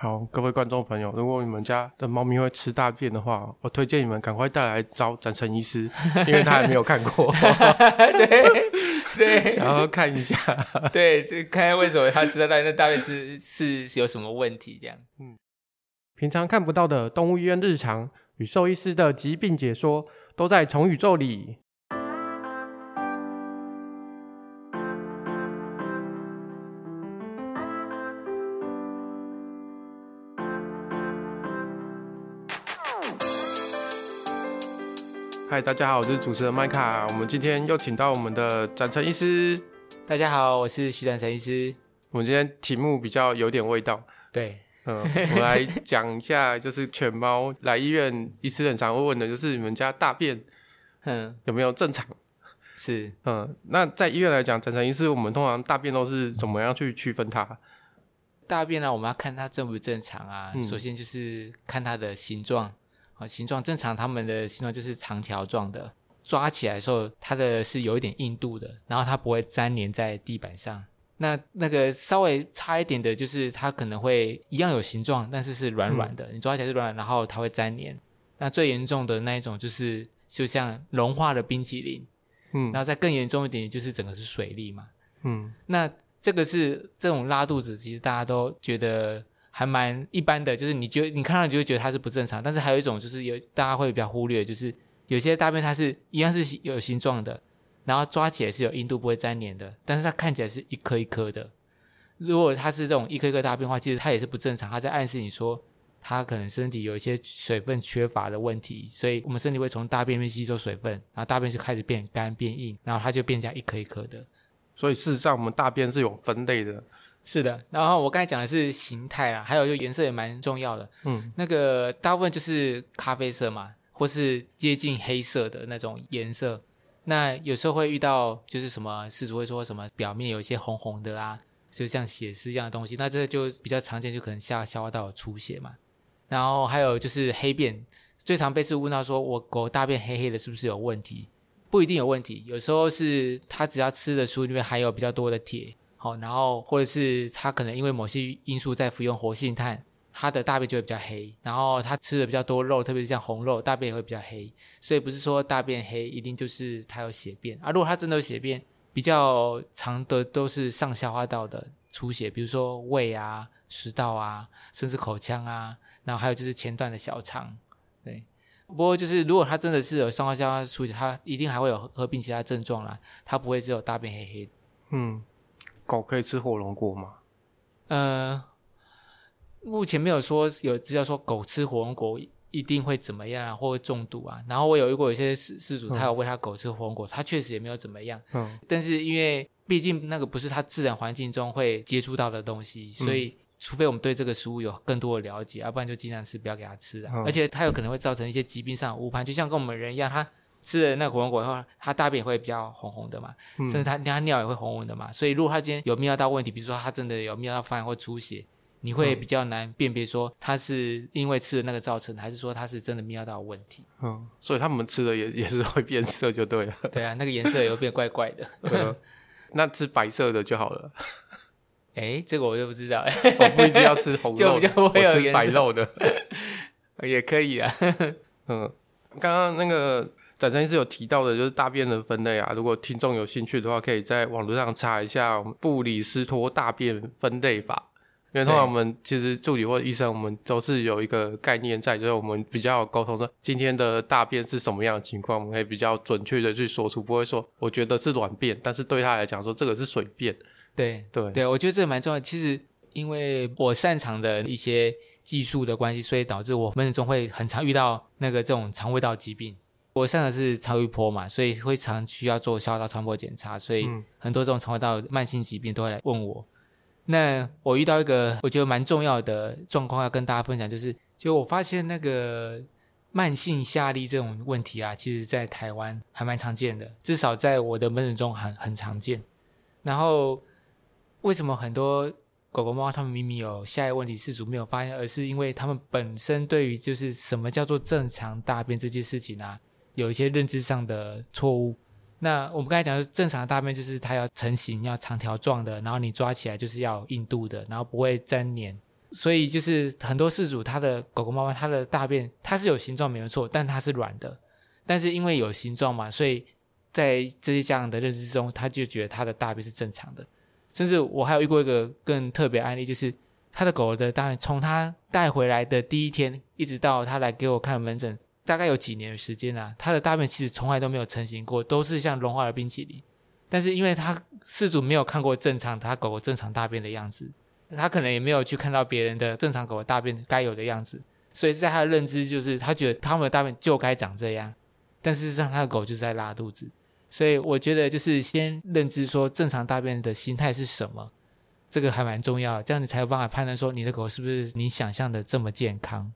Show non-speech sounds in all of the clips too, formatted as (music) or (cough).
好，各位觀眾朋友，如果你們家的貓咪會吃大便的話，我推薦你們趕快帶來找展誠醫師，因為他還沒有看過。 (laughs) (laughs) (laughs) (laughs) 對對，想要看一下， (laughs) 對，就看看為什麼他吃到那大， (laughs) 大便是是是有什麼問題這樣。嗯，平常看不到的動物醫院日常與獸醫師的疾病解說，都在《寵宇宙》裡。大家好，我是主持人麥卡。嗯、我們今天又請到我們的展誠醫師。大家好，我是徐展誠醫師。我們今天題目比較有點味道。對，嗯， (laughs) 我們來講一下，就是犬貓來醫院，醫師很常會問的就是你們家大便，嗯，有沒有正常？是、嗯， (laughs) 嗯，那在醫院來講，展誠醫師，我們通常大便都是怎麼樣去區分它？大便呢、啊，我們要看它正不正常啊。嗯、首先就是看它的形狀。啊，形狀正常，它們的形狀就是長條狀的。抓起來的時候，它的是有一點硬度的，然後它不會粘連在地板上。那那個稍微差一點的，就是它可能會一樣有形狀，但是是軟軟的、嗯，你抓起來是軟軟，然後它會粘連。那最嚴重的那一種就是，就像融化的冰淇淋。嗯，然後再更嚴重一點，就是整個是水粒嘛。嗯，那這個是這種拉肚子，其實大家都覺得。還蠻一般的，就是你覺得你看到你就會覺得它是不正常，但是還有一種就是有大家會比較忽略，就是有些大便它是一樣是有形狀的，然後抓起來是有硬度不會粘連的，但是它看起來是一顆一顆的。如果它是這種一顆一顆大便的話，其實它也是不正常，它在暗示你說它可能身體有一些水分缺乏的問題，所以我們身體會從大便面吸收水分，然後大便就開始變乾變硬，然後它就變成一顆一顆的。所以事實上，我們大便是有分類的。是的，然後我剛才講的是形態啊，還有就顏色也蠻重要的。嗯，那個大部分就是咖啡色嘛，或是接近黑色的那種顏色。那有時候會遇到，就是什麼飼主會說什麼表面有一些紅紅的啊，就像血絲一樣的東西，那這就比較常見，就可能下消化道有出血嘛。然後還有就是黑便，最常被飼主問到說，我狗大便黑黑的，是不是有問題？不一定有問題，有時候是它只要吃的食物裡面含有比較多的鐵。好，然後或者是他可能因為某些因素在服用活性炭，他的大便就會比較黑。然後他吃的比較多肉，特別是像紅肉，大便也會比較黑。所以不是說大便黑一定就是他有血便啊。如果他真的有血便，比較常的都是上消化道的出血，比如說胃啊、食道啊，甚至口腔啊，然後還有就是前段的小腸。對，不過就是如果他真的是有上消化道出血，他一定還會有合併其他症狀啦，他不會只有大便黑黑。嗯。狗可以吃火龍果嗎？呃，目前沒有說有只要說狗吃火龍果一定會怎麼樣啊，或者中毒啊。然後我有遇過有些飼，飼、嗯、主他有餵他狗吃火龍果，他確實也沒有怎麼樣。嗯，但是因為畢竟那個不是它自然環境中會接觸到的東西，所以除非我們對這個食物有更多的了解，要、嗯啊、不然就盡量是不要給他吃的、啊嗯。而且它有可能會造成一些疾病上的誤判，就像跟我們人一樣他。吃了那個火龍果以後，它大便也會比較紅紅的嘛，嗯、甚至它尿尿也會紅紅的嘛。所以如果他今天有泌尿道問題，比如說他真的有泌尿道發炎或出血，你會比較難辨別說它是因為吃了那個造成的，還是說它是真的泌尿道問題。嗯，所以他們吃的也也是會變色，就對了。對啊，那個顏色也會變怪怪的 (laughs) 啊。那吃白色的就好了。哎、 (laughs) 欸，這個我就不知道。我不一定要吃紅肉的 (laughs) 就比較不會有顏色，我吃白肉的 (laughs) 也可以啊。 (laughs) 嗯，剛剛那個。展誠是有提到的，就是大便的分類啊。如果聽眾有興趣的話，可以在網絡上查一下布里斯托大便分類法。因為通常我們其實助理或者醫生，我們都是有一個概念在，就是我們比較溝通說今天的大便是什麼樣的情況，我們可以比較準確的去說出，不會說我覺得是軟便，但是對他來講說這個是水便。對對對，我覺得這個蠻重要的。其實因為我擅長的一些技術的關係，所以導致我們總會很常遇到那個這種腸胃道疾病。我上的是超音波嘛，所以會常需要做消化道超音波檢查，所以很多這種消化道慢性疾病都會來問我、嗯。那我遇到一個我覺得蠻重要的狀況要跟大家分享，就是就我發現那個慢性下痢這種問題啊，其實在台灣還蠻常見的，至少在我的門診中很很常見。然後為什麼很多狗狗貓它們明明有下一個問題，飼主沒有發現，而是因為它們本身對於就是什麼叫做正常大便這件事情呢、啊？有一些認知上的錯誤。那我們剛才講的正常的大便就是它要成型，要長條狀的，然後你抓起來就是要硬度的，然後不會粘黏。所以就是很多飼主他的狗狗、貓貓，它的大便它是有形狀沒有錯，但它是軟的。但是因為有形狀嘛，所以在這些家長的認知中，他就覺得他的大便是正常的。甚至我還有遇過一個更特別案例，就是他的狗狗的大便從他帶回來的第一天，一直到他來給我看門診。大概有幾年的時間啊，他的大便其實從來都沒有成型過，都是像融化的冰淇淋。但是因為他飼主沒有看過正常他狗狗正常大便的樣子，他可能也沒有去看到別人的正常狗的大便該有的樣子，所以在他的認知就是他覺得他們的大便就該長這樣。但是事實上他的狗就是在拉肚子，所以我覺得就是先認知說正常大便的型態是什麼，這個還蠻重要。這樣你才有辦法判斷說你的狗是不是你想象的這麼健康，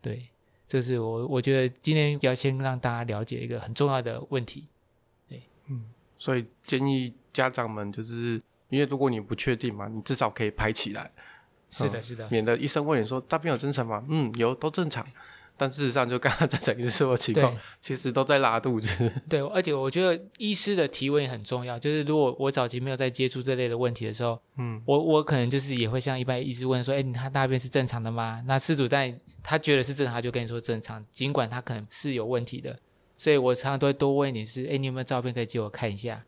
對。這是我我覺得今天要先讓大家了解一個很重要的問題、對、嗯，所以建議家長們就是，因為如果你不確定嘛，你至少可以拍起來，是的、嗯，是的，免得醫生問你說大便有正常嗎？嗯，有都正常。嗯但事實上，就剛剛在講一次說的是什麼情況？其實都在拉肚子。對，而且我覺得醫師的提問也很重要。就是如果我早期沒有在接觸這類的問題的時候，嗯，我我可能就是也會像一般醫師問說：“哎，你他大便是正常的嗎？”那飼主在他覺得是正常，他就跟你說正常，儘管他可能是有問題的。所以我常常都會多問一點，是哎，你有沒有照片可以借我看一下？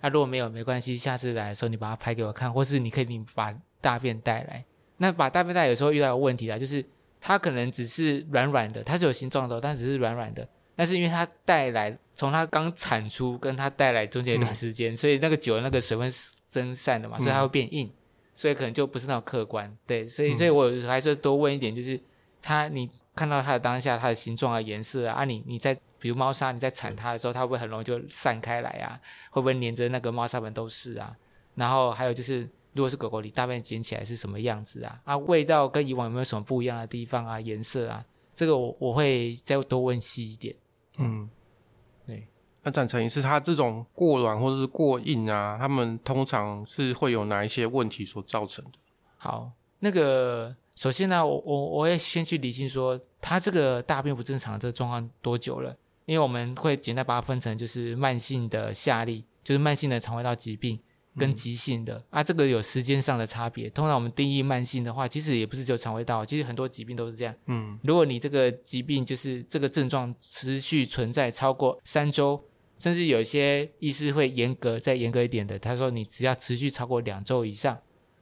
那、啊、如果沒有，沒關係，下次來的時候你把它拍給我看，或是你可以你把大便帶來。那把大便帶來有時候遇到有問題的、啊，就是。它可能只是軟軟的，它是有形狀的，但只是軟軟的。那是因為它帶來從它剛產出，跟它帶來中間一段時間、嗯，所以那個酒的那個水分是蒸散的嘛、嗯，所以它會變硬，所以可能就不是那麼客觀。對，所以所以我還是多問一點，就是它你看到它的當下它的形狀啊、顏色啊，啊你你在比如貓砂，你在鏟它的時候，它會不會很容易就散開來啊，會不會黏著那個貓砂盆都是啊？然後還有就是。如果是狗狗，你大便撿起來是什麼樣子啊？啊，味道跟以往有沒有什麼不一樣的地方啊？顏色啊，這個我我會再多問細一點。嗯，對。那、啊、展誠醫師，他這種過軟或者是過硬啊，他們通常是會有哪一些問題所造成的？好，那個首先呢、啊，我我我也先去理清說，他這個大便不正常這個狀況多久了？因為我們會簡單把它分成就是慢性的下痢，就是慢性的腸胃道疾病。跟急性的、嗯、啊，這個有時間上的差別。通常我們定義慢性的話，其實也不是只有腸胃道，其實很多疾病都是這樣。嗯，如果你這個疾病就是這個症狀持續存在超過三周，甚至有些醫師會嚴格再嚴格一點的，他說你只要持續超過兩周以上，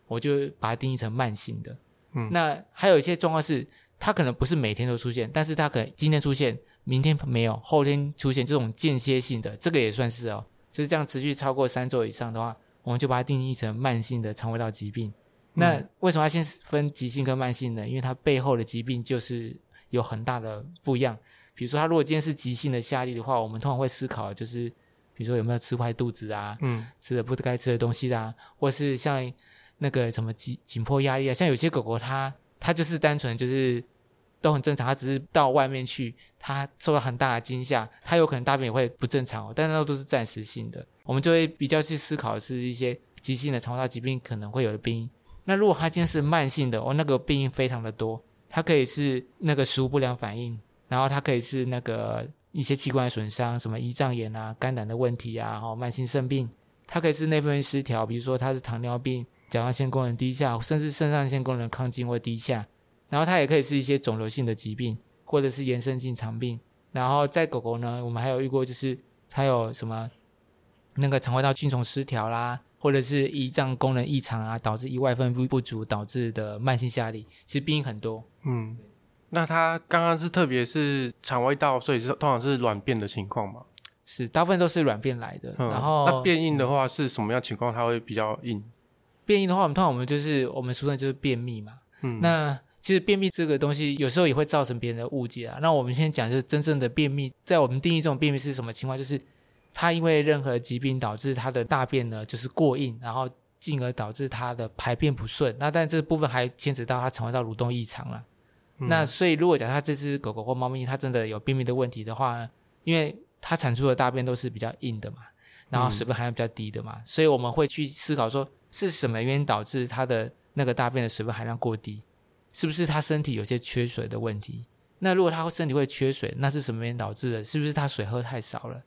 我就把它定義成慢性的。嗯，那還有一些狀況是，它可能不是每天都出現，但是它可能今天出現，明天沒有，後天出現這種間歇性的，這個也算是哦，就是這樣持續超過三周以上的話。我們就把它定義成慢性的腸胃道疾病。那為什麼要先分急性跟慢性呢？嗯，因為它背後的疾病就是有很大的不一樣。比如說，它如果今天是急性的下痢的話，我們通常會思考就是，比如說有沒有吃壞肚子啊，嗯，吃了不該吃的東西啦、啊，或是像那個什麼急緊迫壓力啊。像有些狗狗它，它它就是單純就是。都很正常，他只是到外面去，他受到很大的驚嚇，他有可能大便也會不正常哦，但那都是暫時性的。我們就會比較去思考，是一些急性的腸道疾病可能會有的病因。那如果他今天是慢性的哦，那個病因非常的多，它可以是那個食物不良反應，然後它可以是那個一些器官的損傷，什麼胰臟炎啊、肝膽的問題啊，然後哦，慢性腎病，它可以是內分泌失調，比如說他是糖尿病、甲狀腺功能低下，甚至腎上腺功能亢進或低下。然後它也可以是一些腫瘤性的疾病，或者是炎症性腸病。然後在狗狗呢，我們還有遇過，就是它有什麼那個腸胃道菌叢失調啦，或者是胰臟功能異常啊，導致胰外分泌不足導致的慢性下痢。其實病因很多。嗯，那它剛剛是特別是腸胃道，所以是通常是軟便的情況嘛？是，大部分都是軟便來的。嗯、然後那變硬的話是什麼樣情況？它會比較硬？嗯、變硬的話，我們通常我們就是我們俗稱就是便秘嘛。嗯，那其實便秘這個東西有時候也會造成別人的誤解啊。那我們先講，就是真正的便秘，在我們定義這種便秘是什麼情況？就是它因為任何疾病導致它的大便呢就是過硬，然後進而導致它的排便不順。那但這部分還牽扯到它腸胃道蠕動異常了，啊嗯。那所以如果講它這只狗狗或貓咪它真的有便秘的問題的話呢，因為它產出的大便都是比較硬的嘛，然後水分含量比較低的嘛，嗯，所以我們會去思考說是什麼原因導致它的那個大便的水分含量過低。是不是他身體有些缺水的問題？那如果他身體會缺水，那是什麼原因導致的？是不是他水喝太少了？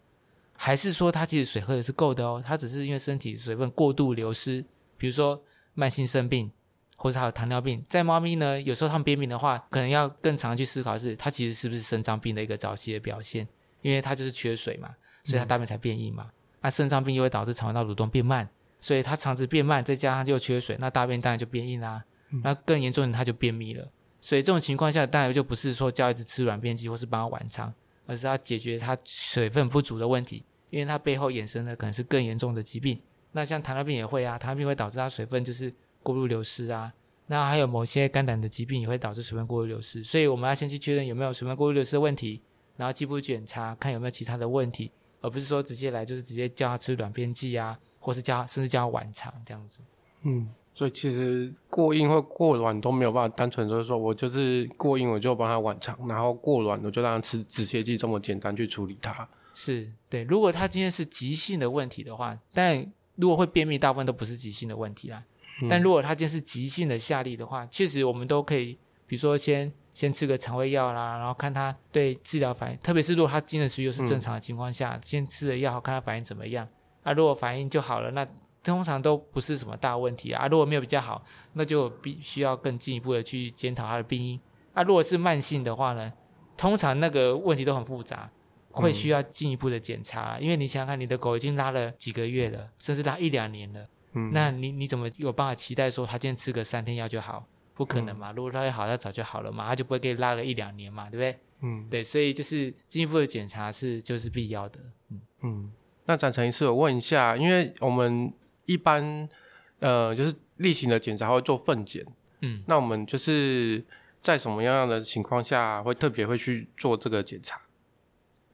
還是說他其實水喝的是夠的哦？他只是因為身體水分過度流失，比如說慢性腎病，或者他有糖尿病。在貓咪呢，有時候他們便秘的話，可能要更常去思考的是，它其實是不是腎臟病的一個早期的表現？因為它就是缺水嘛，所以它大便才變硬嘛。那、嗯、啊、腎臟病又會導致腸道蠕動變慢，所以它腸子變慢，再加上又缺水，那大便當然就變硬啦、啊。那、嗯、更嚴重的，他就便秘了。所以這種情況下，當然就不是說叫他一直吃軟便劑，或是幫他灌腸，而是要解決他水分不足的問題，因為他背後衍生的可能是更嚴重的疾病。那像糖尿病也會啊，糖尿病會導致他水分就是過度流失啊。那還有某些肝膽的疾病也會導致水分過度流失。所以我們要先去確認有沒有水分過度流失的問題，然後進一步檢查看有沒有其他的問題，而不是說直接來就是直接叫他吃軟便劑啊，或是叫他甚至叫他灌腸這樣子。嗯。所以其實過硬或過軟都沒有辦法，單純就是說我就是過硬，我就幫他軟腸，然後過軟我就讓他吃止瀉劑，這麼簡單去處理他？是對，如果他今天是急性的問題的話，但如果會便秘，大部分都不是急性的問題啦。但如果他今天是急性的下痢的話，嗯、確實我們都可以，比如說先先吃個腸胃藥啦，然後看他對治療反應，特別是如果他今天食慾是正常的情況下、嗯，先吃了藥，看他反應怎麼樣。那、啊、如果反應就好了，那，通常都不是什麼大問題啊，啊，如果沒有比較好，那就必須要更進一步的去檢討它的病因。啊，如果是慢性的話呢，通常那個問題都很複雜，會需要進一步的檢查，啊嗯。因為你想想看，你的狗已經拉了幾個月了，甚至拉一兩年了，嗯，那你你怎麼有辦法期待說它今天吃個三天藥就好？不可能嘛！嗯，如果它會好，它早就好了嘛，它就不會給你拉個一兩年嘛，對不對？嗯，對，所以就是進一步的檢查是就是必要的。嗯嗯，那展誠醫師，我問一下，因為我們。一般，呃，就是例行的檢查會做糞檢，嗯，那我們就是在什麼樣樣的情況下會特別會去做這個檢查？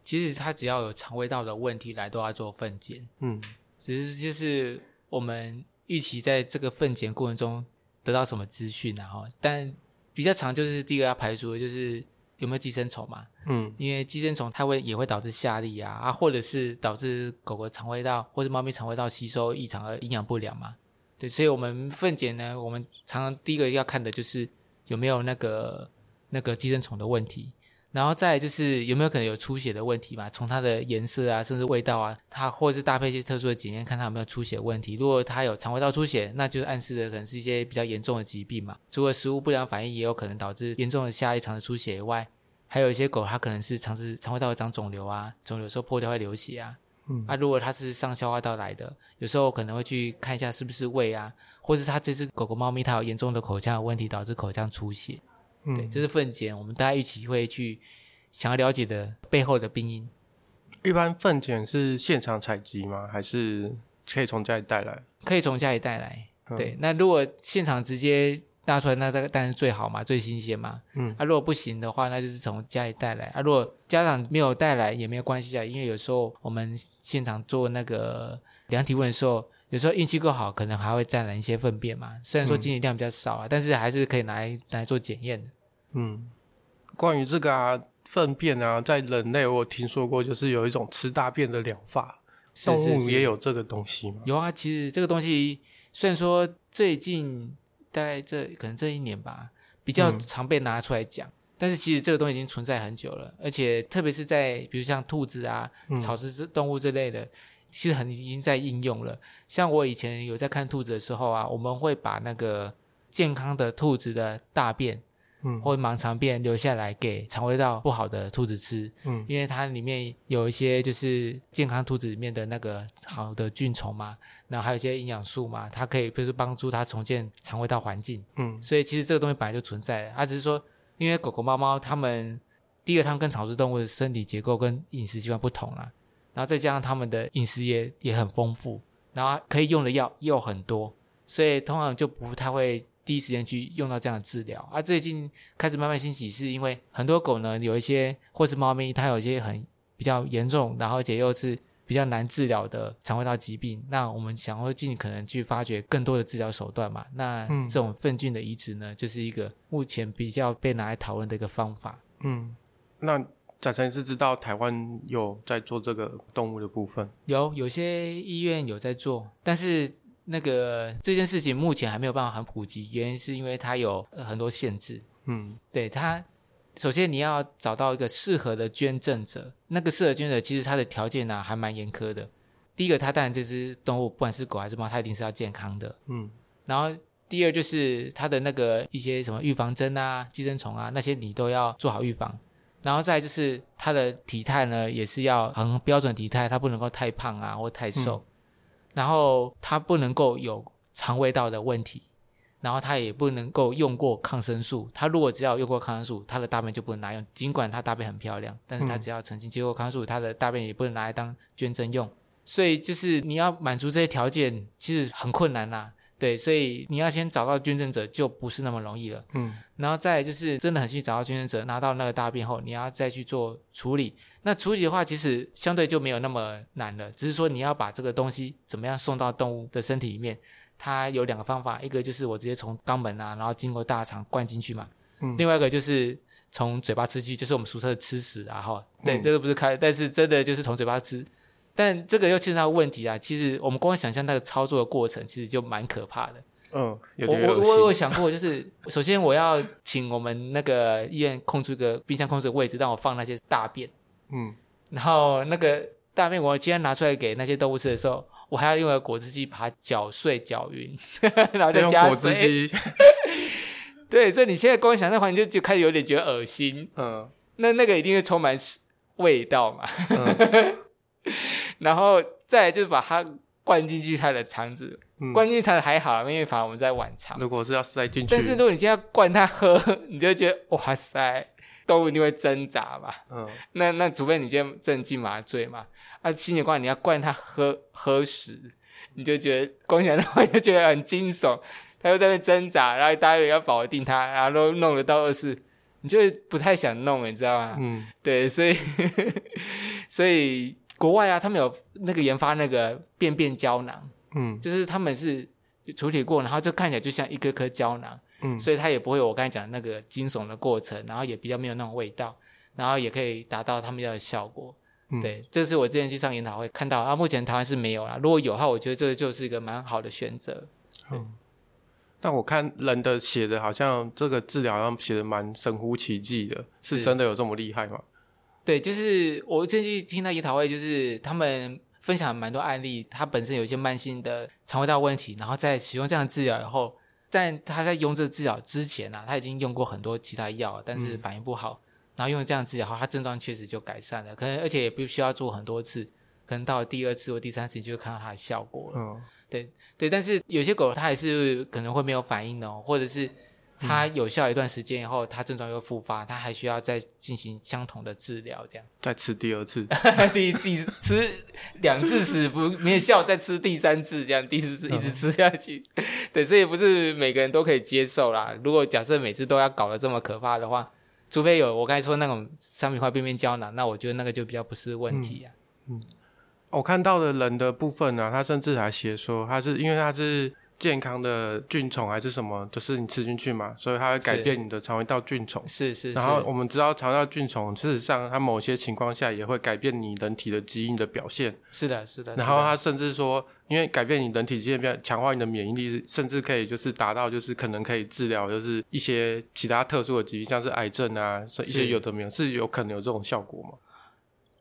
其實他只要有腸胃道的問題來都要做糞檢，嗯，只是就是我們預期在這個糞檢過程中得到什麼資訊，然後，但比較常，就是第一個要排除的就是。有沒有寄生蟲嘛？嗯，因為寄生蟲它會也會導致下痢啊，啊，或者是導致狗狗腸胃道或者貓咪腸胃道吸收異常而營養不良嘛。對，所以，我們糞檢呢，我們常常第一個要看的就是有沒有那個那個寄生蟲的問題。然後再來就是有沒有可能有出血的問題嘛？從它的顏色啊，甚至味道啊，它或是搭配一些特殊的檢驗，看它有沒有出血的問題。如果它有腸胃道出血，那就暗示著可能是一些比較嚴重的疾病嘛。除了食物不良反應也有可能導致嚴重的下痢的出血以外，還有一些狗它可能是腸子、腸胃道長腫瘤啊，腫瘤有時候破掉會流血啊。嗯，那、啊、如果它是上消化道來的，有時候可能會去看一下是不是胃啊，或是它這隻狗狗、貓咪它有嚴重的口腔的問題導致口腔出血。嗯、對，這是糞檢，我們大家一起會去想要了解的背後的病因。一般糞檢是現場採集嗎？還是可以從家裡帶來？可以從家裡帶來。對、嗯，那如果現場直接拿出來，那當然是最好嘛，最新鮮嘛。嗯，啊，如果不行的話，那就是從家裡帶來。啊，如果家長沒有帶來也沒有關係啊，因為有時候我們現場做那個量體溫的時候。有時候運氣夠好，可能還會沾染一些糞便嘛。雖然說基因量比較少啊、嗯，但是還是可以拿來，拿來做檢驗的。嗯，關於這個、啊、糞便啊，在人類我有聽說過，就是有一種吃大便的療法，動物也有這個東西嗎？有啊。其實這個東西雖然說最近大概這可能這一年吧，比較常被拿出來講、嗯，但是其實這個東西已經存在很久了，而且特別是在比如像兔子啊、嗯、草食動物之類的。其實很已經在應用了，像我以前有在看兔子的時候啊，我們會把那個健康的兔子的大便，嗯，或盲腸便留下來給腸胃道不好的兔子吃，嗯，因為它裡面有一些就是健康兔子裡面的那個好的菌蟲嘛，然後還有一些營養素嘛，它可以就是幫助它重建腸胃道環境，嗯，所以其實這個東西本來就存在了，它、啊、只是說因為狗狗貓貓他、貓貓它們第二趟跟草食動物的身體結構跟飲食習慣不同了、啊。然後再加上他們的飲食也也很豐富，然後可以用的藥又很多，所以通常就不太會第一時間去用到這樣的治療。而、啊、最近開始慢慢興起，是因為很多狗呢有一些或是貓咪，它有一些很比較嚴重，然後且又是比較難治療的腸胃道疾病。那我們想要盡可能去發掘更多的治療手段嘛。那這種糞菌的移植呢，嗯、就是一個目前比較被拿來討論的一個方法。嗯，那。展誠是知道台灣有在做這個動物的部分，有有些醫院有在做，但是那個這件事情目前還沒有辦法很普及，原因是因為它有很多限制。嗯，對，它首先你要找到一個適合的捐贈者，那個適合捐贈者其實它的條件呢、啊、還蠻嚴苛的。第一個，它當然這隻動物不管是狗還是貓，它一定是要健康的。嗯，然後第二就是它的那個一些什麼預防針啊、寄生蟲啊那些，你都要做好預防。然後再就是它的體態呢，也是要很標準體態，它不能夠太胖啊，或太瘦。嗯、然後它不能夠有腸胃道的問題，然後它也不能夠用過抗生素。它如果只要用過抗生素，它的大便就不能拿用。儘管它大便很漂亮，但是它只要曾經接過抗生素，它、嗯、的大便也不能拿來當捐贈用。所以就是你要滿足這些條件，其實很困難啦、啊。對，所以你要先找到捐贈者就不是那麼容易了。嗯，然後再來就是真的很需要找到捐贈者，拿到那個大便後，你要再去做處理。那處理的話，其實相對就沒有那麼難了，只是說你要把這個東西怎麼樣送到動物的身體裡面。它有兩個方法，一個就是我直接從肛門啊，然後經過大腸灌進去嘛。嗯。另外一個就是從嘴巴吃進去，就是我們俗稱的吃屎啊，哈。對，嗯，這個不是開，但是真的就是從嘴巴吃。但這個又牽涉問題啊！其實我們光想象那個操作的過程，其實就蠻可怕的。嗯，有點我我我有想過，就是 (laughs) 首先我要請我們那個醫院控制一個冰箱控制的位置，讓我放那些大便。嗯，然後那個大便我今天拿出來給那些動物吃的時候，我還要用一個果汁機把它攪碎攪勻， (laughs) 然後再加果汁機。 (laughs) 對，所以你現在光想像那環境就就開始有點覺得噁心。嗯，那那個一定會充滿味道嘛。 (laughs) 嗯 (laughs) 然後再來就是把它灌進去它的腸子，嗯、灌進腸子還好，因為反正我們在晚腸。如果是要塞進去，但是如果你現在灌它喝，你就會覺得哇塞，動物一定會掙扎嘛。嗯，那那除非你先鎮靜麻醉嘛。啊，心血管你要灌它喝喝食，你就覺得光想的話就覺得很驚悚，它又在那掙扎，然後大家要保定它，然後弄得到二是，你就不太想弄，你知道嗎？嗯，對，所以 (laughs) 所以。國外啊，他們有那個研發那個便便膠囊，嗯，就是他們是處理過，然後就看起來就像一顆顆膠囊，嗯，所以它也不會有我剛才講的那個驚悚的過程，然後也比較沒有那種味道，然後也可以達到他們要的效果，嗯，對，這是我之前去上研討會看到啊。目前台灣是沒有啦，如果有的話，我覺得這就是一個蠻好的選擇。嗯，但我看人的寫的，好像這個治療好像寫的蠻神乎其技的，是真的有這麼厲害嗎？對，就是我最近去聽到研討會，就是他們分享了蠻多案例，他本身有一些慢性的腸胃道問題，然後在使用這樣治療以後，在他在用這個治療之前呢、啊，他已經用過很多其他藥，但是反應不好，嗯、然後用了這樣治療後，他症狀確實就改善了，可能而且也不需要做很多次，可能到第二次或第三次你就會看到它的效果了。嗯、哦，對對，但是有些狗它還是可能會沒有反應哦，或者是。它有效一段時間以後，它症狀又復發，他還需要再進行相同的治療，這樣再吃第二次，第 (laughs) 一次吃兩次死不 (laughs) 沒效，再吃第三次，這樣第四次一直吃下去、嗯，對，所以不是每個人都可以接受啦。如果假設每次都要搞得這麼可怕的話，除非有我剛才說那種商品化便便膠囊，那我覺得那個就比較不是問題啊。嗯，嗯我看到的人的部分呢、啊，他甚至還寫說，他是因為他是。健康的菌叢還是什麼，就是你吃進去嘛，所以它會改變你的腸胃道菌叢。是是，是。然後我們知道腸道菌叢，事實上它某些情況下也會改變你人體的基因的表現。是的。是的，是的。然後它甚至說，因為改變你人體基因，強化你的免疫力，甚至可以就是達到就是可能可以治療就是一些其他特殊的疾病，像是癌症啊，是所以一些有的沒有，是有可能有這種效果嗎？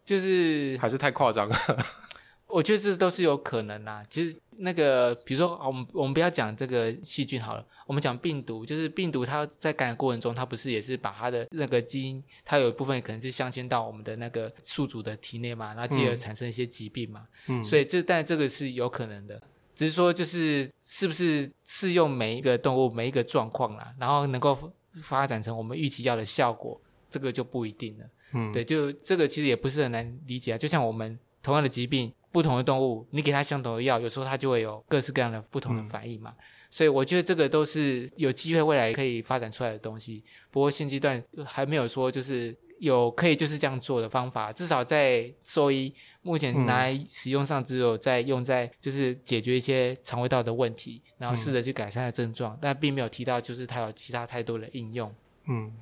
就是還是太誇張了 (laughs) 我覺得這都是有可能啊，其實。那個，比如說啊，我們我們不要講這個細菌好了，我們講病毒，就是病毒它在感染過程中，它不是也是把它的那個基因，它有一部分可能是鑲嵌到我們的那個宿主的體內嘛，然後進而產生一些疾病嘛。嗯，所以這但是這個是有可能的，只是說就是是不是適用每一個動物每一個狀況啦，然後能夠發展成我們預期要的效果，這個就不一定了。嗯，對，就這個其實也不是很難理解啊，就像我們同樣的疾病。不同的動物，你給它相同的藥，有時候它就會有各式各樣的不同的反應嘛。嗯、所以我覺得這個都是有機會未來可以發展出來的東西。不過現階段還沒有說就是有可以就是這樣做的方法。至少在獸醫目前拿來使用上，只有在用在就是解決一些腸胃道的問題，然後試着去改善的症狀，嗯，但並沒有提到就是它有其他太多的應用。嗯，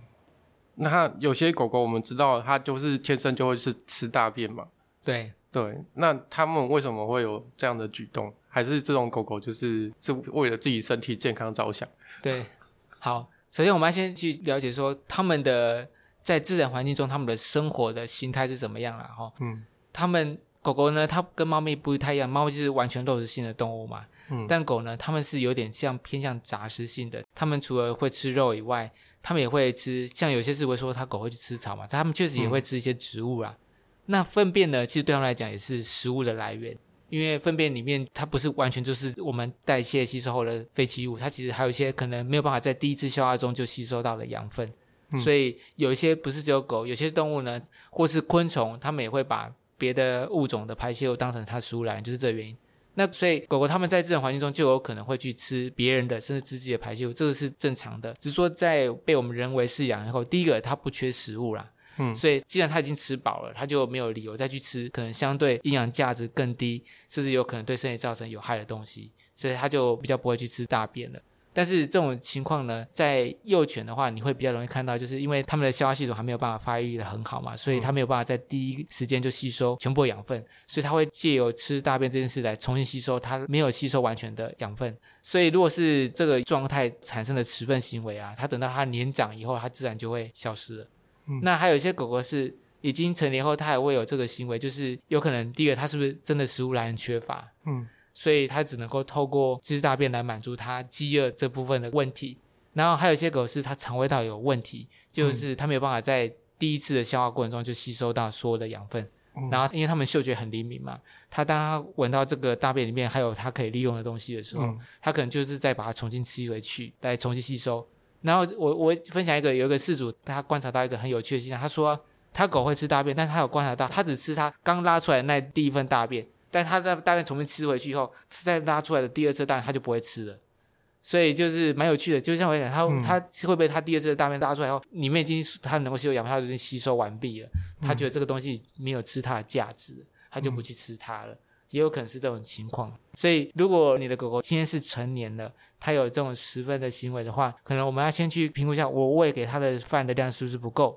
那有些狗狗我們知道，它就是天生就會是吃大便嘛。對。對，那他們為什麼會有這樣的舉動？還是這種狗狗就是是為了自己身體健康着想？對，好，首先我們要先去了解說他們的在自然環境中他們的生活的心態是怎麼樣了哈。嗯，他們狗狗呢，它跟貓咪不一太一樣，貓咪就是完全肉食性的動物嘛。嗯，但狗呢，他們是有點像偏向雜食性的，他們除了會吃肉以外，他們也會吃，像有些是會說它狗會去吃草嘛，但它們確實也會吃一些植物啦。嗯那糞便呢？其實對他們來講也是食物的來源，因為糞便裡面它不是完全就是我們代謝吸收後的廢棄物，它其實還有一些可能沒有辦法在第一次消化中就吸收到的養分，嗯、所以有一些不是只有狗，有些動物呢，或是昆蟲，它們也會把別的物種的排泄物當成它食物來源，就是這原因。那所以狗狗它們在這種環境中就有可能會去吃別人的，甚至自己的排泄物，這個是正常的。只是說在被我們人為飼養以後，第一個它不缺食物啦。嗯，所以既然他已經吃飽了，他就沒有理由再去吃可能相對營養價值更低，甚至有可能對身體造成有害的東西，所以他就比較不會去吃大便了。但是這種情況呢，在幼犬的話，你會比較容易看到，就是因為他們的消化系統還沒有辦法發育得很好嘛，所以它沒有辦法在第一時間就吸收全部養分，嗯、所以它會借由吃大便這件事來重新吸收它沒有吸收完全的養分。所以如果是這個狀態產生的吃糞行為啊，它等到它年長以後，它自然就會消失了。嗯、那還有一些狗狗是已經成年後，它還會有這個行為，就是有可能第一個它是不是真的食物來源缺乏，嗯，所以它只能夠透過吃大便來滿足它飢餓這部分的問題。然後還有一些狗是它腸胃道有問題，就是它沒有辦法在第一次的消化過程中就吸收到所有的養分，嗯。然後因為它們嗅覺很靈敏嘛，它當它聞到這個大便裡面還有它可以利用的東西的時候，嗯、它可能就是再把它重新吃回去來重新吸收。然後我我分享一個有一個飼主，他觀察到一個很有趣的現象。他說他狗會吃大便，但他有觀察到，他只吃他剛拉出來的那第一份大便，但他的大便重新吃回去以後，再拉出來的第二次大便他就不會吃了。所以就是蠻有趣的，就像我講，他他會被他第二次的大便拉出來後、嗯，裡面已經他能夠吸收養分，他就已經吸收完畢了，他覺得這個東西沒有吃它的價值，他就不去吃它了。嗯嗯。也有可能是這種情況，所以如果你的狗狗今天是成年的，它有這種食糞的行為的話，可能我們要先去評估一下我餵給它的飯的量是不是不夠。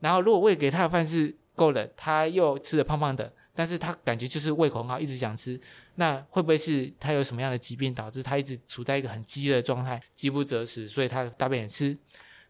然後如果餵給它的飯是夠了，它又吃得胖胖的，但是它感覺就是胃口很好，一直想吃，那會不會是它有什麼樣的疾病導致它一直處在一個很飢餓的狀態，飢不擇食，所以它大便也吃？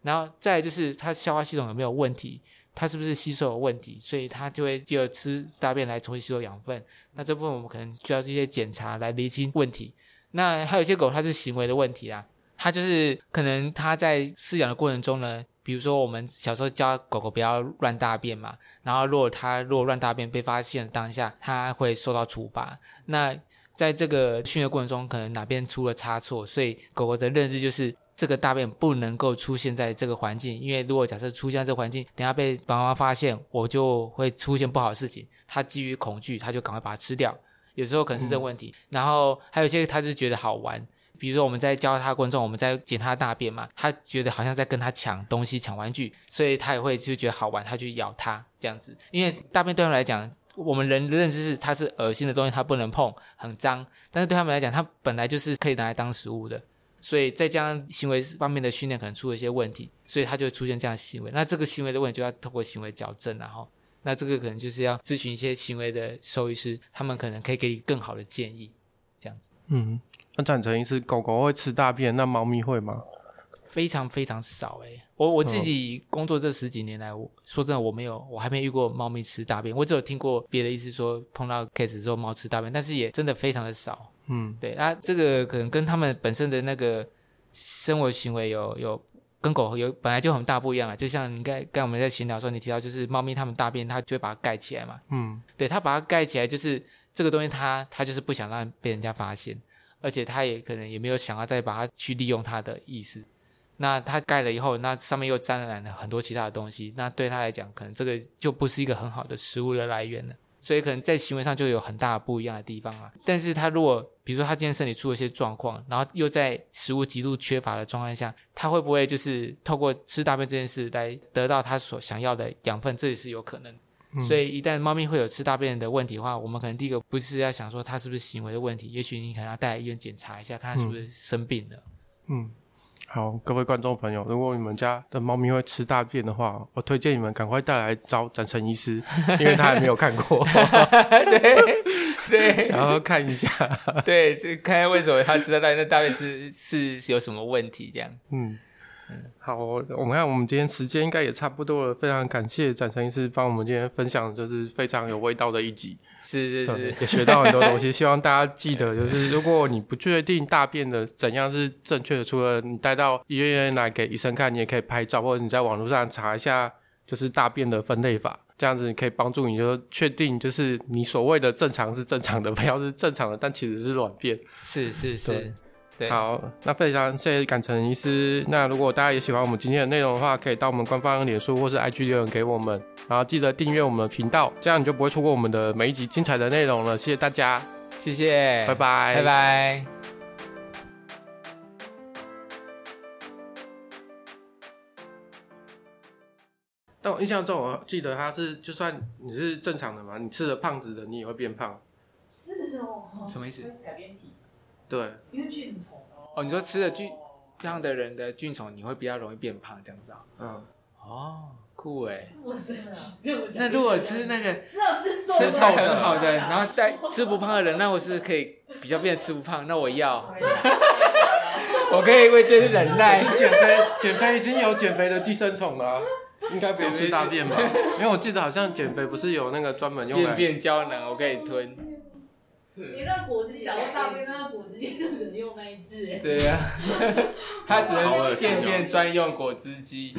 然後再來就是它消化系統有沒有問題？它是不是吸收有問題，所以它就會就要吃大便來重新吸收養分。那這部分我們可能需要這些檢查來釐清問題。那還有一些狗它是行為的問題啦、啊，它就是可能它在飼養的過程中呢，比如說我們小時候教狗狗不要亂大便嘛，然後如果它如果亂大便被發現的當下，它會受到處罰。那在這個訓練過程中，可能哪邊出了差錯，所以狗狗的認知就是。這個大便不能夠出現在這個環境，因為如果假設出現在這個環境，等下被媽媽發現，我就會出現不好的事情。他基於恐懼，他就趕快把它吃掉。有時候可能是這個問題，嗯。然後還有些他是覺得好玩，比如說我們在教他觀眾，我們在撿他的大便嘛，他覺得好像在跟他搶東西、搶玩具，所以他也會就覺得好玩，他去咬它這樣子。因為大便對他們來講，我們人的認知是它是噁心的東西，它不能碰，很髒。但是對他們來講，它本來就是可以拿來當食物的。所以再加上行為方面的訓練，可能出了一些問題，所以它就會出現這樣的行為。那這個行為的問題就要透過行為矯正，然後那這個可能就是要諮詢一些行為的獸醫師，他們可能可以給你更好的建議，這樣子。嗯，那展誠醫師，狗狗會吃大便，那貓咪會嗎？非常非常少哎、欸，我我自己工作這十幾年來、嗯我，說真的，我沒有，我還沒遇過貓咪吃大便，我只有聽過別的醫師說碰到 case 之後貓吃大便，但是也真的非常的少。嗯，對，那、啊、這個可能跟他們本身的那個生活行為有有跟狗有本來就很大不一樣啊。就像你剛剛，剛我們在閒聊的時候，你提到就是貓咪，它們大便它就會把它蓋起來嘛。嗯，對，它把它蓋起來，就是這個東西它它就是不想讓被人家發現，而且它也可能也沒有想要再把它去利用它的意思。那它蓋了以後，那上面又沾染了很多其他的東西，那對它來講，可能這個就不是一個很好的食物的來源了。所以可能在行為上就有很大的不一樣的地方了。但是它如果比如說，他今天身體出了一些狀況，然後又在食物極度缺乏的狀況下，他會不會就是透過吃大便這件事來得到他所想要的養分？這也是有可能。嗯。所以，一旦貓咪會有吃大便的問題的話，我們可能第一個不是要想說它是不是行為的問題，也許你可能要帶來醫院檢查一下，它是不是生病了。嗯，好，各位觀眾朋友，如果你們家的貓咪會吃大便的話，我推薦你們趕快帶來找展誠醫師，因為他還沒有看過。 (laughs) 對。對，想要看一下對，對，就看看為什麼他知道大家 (laughs) 那大便是是有什麼問題這樣。嗯嗯，好，我們看，我們今天時間應該也差不多了。非常感謝展誠醫師幫我們今天分享，就是非常有味道的一集。是是是，是，是，也學到很多東西。 (laughs) 希望大家記得，就是如果你不確定大便的怎樣是正確的， (laughs) 除了你帶到醫院，院來給醫生看，你也可以拍照或者你在網絡上查一下，就是大便的分類法。這樣子你可以幫助你，就確定，就是你所謂的正常是正常的，不要是正常的，但其實是軟便。是是是 (laughs) 對，對。好，那非常謝謝展誠醫師。那如果大家也喜歡我們今天的內容的話，可以到我們官方臉書或是 IG 留言給我們，然後記得訂閱我們的頻道，這樣你就不會錯過我們的每一集精彩的內容了。謝謝大家，謝謝，拜拜，拜拜。但我印象中，我記得他是，就算你是正常的嘛，你吃了胖子的，你也會變胖。是哦。什麼意思？改變體。對。因為菌蟲哦。哦，你說吃了菌，哦、這樣的人的菌蟲，你會比較容易變胖，這樣子啊？嗯。哦，酷誒、啊、那如果吃那個吃菜、啊啊啊、很好的，哎、然後吃不胖的人，那我是不是可以比較變得吃不胖，那我要。嗯、 (laughs) (laughs) (laughs) 我可以為這些忍耐。 (laughs) (laughs) (laughs) (laughs) 減肥，減肥已經有減肥的寄生蟲了。 (laughs) 應該不用吃大便吧 (laughs) 因為我記得好像減肥不是有那個專門用來……便便膠囊我可以吞。你、嗯欸、那果汁機然後大便，那果汁機就只能用那一支。對呀、啊， (laughs) 他只能用便便專用果汁機。